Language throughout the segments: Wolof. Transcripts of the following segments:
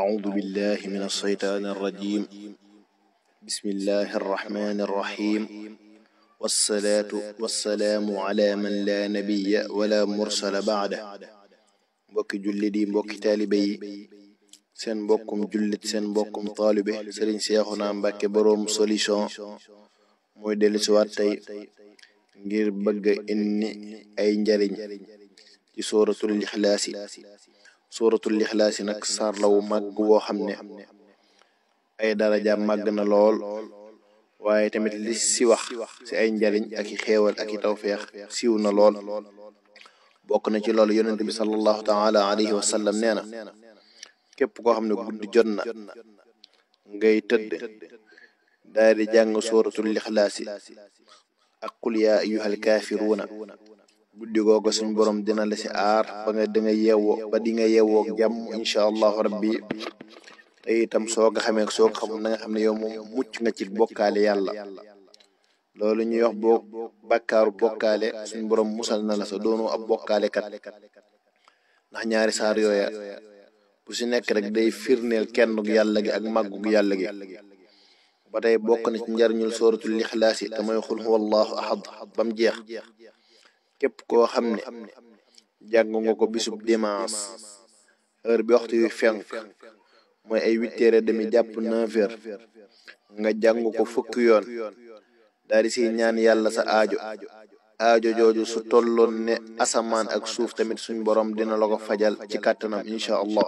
أعوذ بالله من الشيطان الرجيم بسم الله الرحمن الرحيم والصلاة والسلام على من لا نبي ولا مرسل بعده mbokki jullit yi mbokki taalibe yi seen mbokkum jullit seen mbokkum taalibe Sëriñ Seexuna Mbàkke boroom solution mooy dellu si tey ngir bëgga indi ay njariñ ci sooratul ixlaasi suuratul ixlaas yi nag saar la wu màgg woo xam ne ay daraja màgg na lool waaye tamit li si wax si ay njariñ ak i xéewal ak i tawfeex siw na lool bokk na ci loolu yonent bi sallallahu taala alayhi wa sallam nee na képp koo xam ne guddi jot na ngay tëdd daal di jàng suuratul ixlaas yi ak qul yaa ayyuhal guddi googu suñu borom dina la ci aar ba nga di nga yeewoo ba di nga yeewoo jàmm incha allahu rabbi te itam soo ko xamee soo ko xamul na xam ne yow moom mucc nga ci bokkaale yàlla loolu ñuy wax boo bàkkaaru bokkaale suñu borom musal na la sa doonu ab bokkaale kat ndax ñaari saar yooya bu si nekk rek day firneel kenn gu yàlla gi ak màggu gu yàlla gi ba tey bokk na ci njariñul sooratul ixlaas yi te mooy xul huwallahu ahad bam jeex képp koo xam ne jàng nga ko bisub dimanche heure bi waxtu yu mooy ay huit heures et demi jàpp neuf heures nga jàng ko fukki yoon daal di siy ñaan yàlla sa aajo aajo jooju su tolloon ne asamaan ak suuf tamit suñ borom dina la ko fajal ci kàttanam incha allah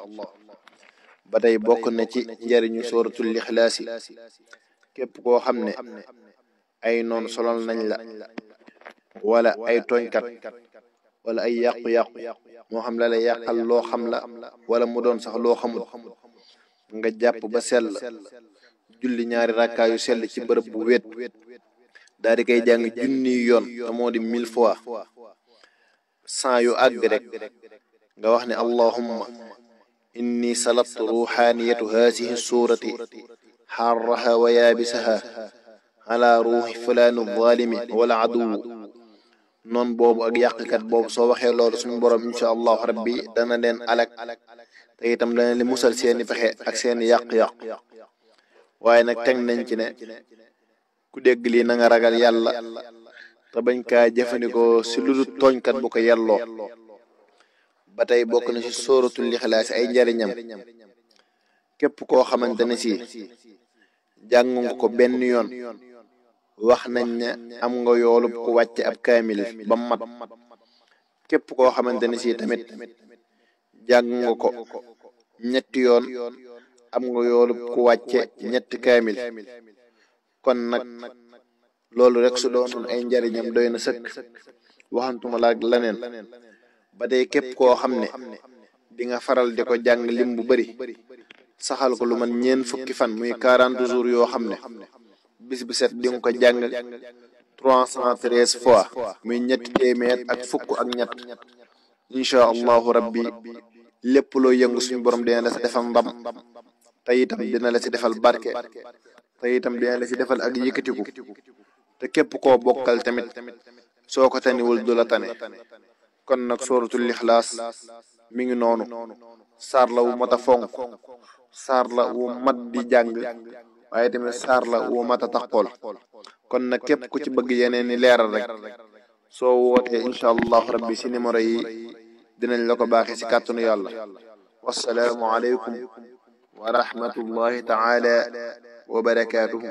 ba tey bokk na ci njariñu sóoratul lixlaasi képp koo xam ne ay noon solal nañ la wala ay tooñkat wala ay yàqu-yàqu moo xam la la yàqal loo xam la wala mu doon sax loo xamul nga jàpp ba sell julli ñaari rakkaa yu sell ci bërëb bu wet daal di koy jàng junni yoon te moo di mille fois cent yu àgg rek nga wax ne allahumma inni salattu ruuxaaniyatu haasihi suurati xarraha wa yaabisaha ala ruuxi fulaanu zaalimi wala aduwu noon boobu ak yàqkat boobu soo waxee loolu suñu borom incha allahu rabbi dana leen alak te itam dana leen musal seeni pexe ak seeni yàq-yàq waaye nag teg nañ ci ne ku dégg lii na nga ragal yàlla te bañ kaa jëfandikoo si lu dul tooñkat bu ko yelloo ba tey bokk na si sóoratul lixlaas ay njariñam képp koo xamante ne si jàng nga ko benn yoon wax nañ ne am nga yoolub ku wàcce ab kaamil ba mat képp koo xamante ne si tamit jàng nga ko ñetti yoon am nga yoolub ku wàcce ñetti kaamil kon nag loolu rek su doonoon ay njariñam doy na sëkk waxantuma laag laneen ba tey képp koo xam ne di nga faral di ko jàng lim bu bari saxal ko lu man ñeen fukki fan muy quarante jours yoo xam ne bis bu set di nga ko jàng trois cent fois muy ñetti téeméer ak fukk ak ñett incha allahu rabbi lépp loo yëngu suñu borom dina la si defal ndam te itam dina la si defal barke te itam dina la si defal ak yëkkatiku te képp koo bokkal tamit soo ko taniwul du la tane kon nag sooratul ixlaas mi ngi noonu saar la wu mat a fonk saar la wu mat di jàng waaye tamit saar la wu mat a tax xool kon nag képp ku ci bëgg yeneen ni leeral rek soo wootee incha allahu rabbi si numéro yi dinañ la ko baaxee si kàttanu yàlla wassalaamu aleykum wa rahmatullahi taala wa barakaatuhu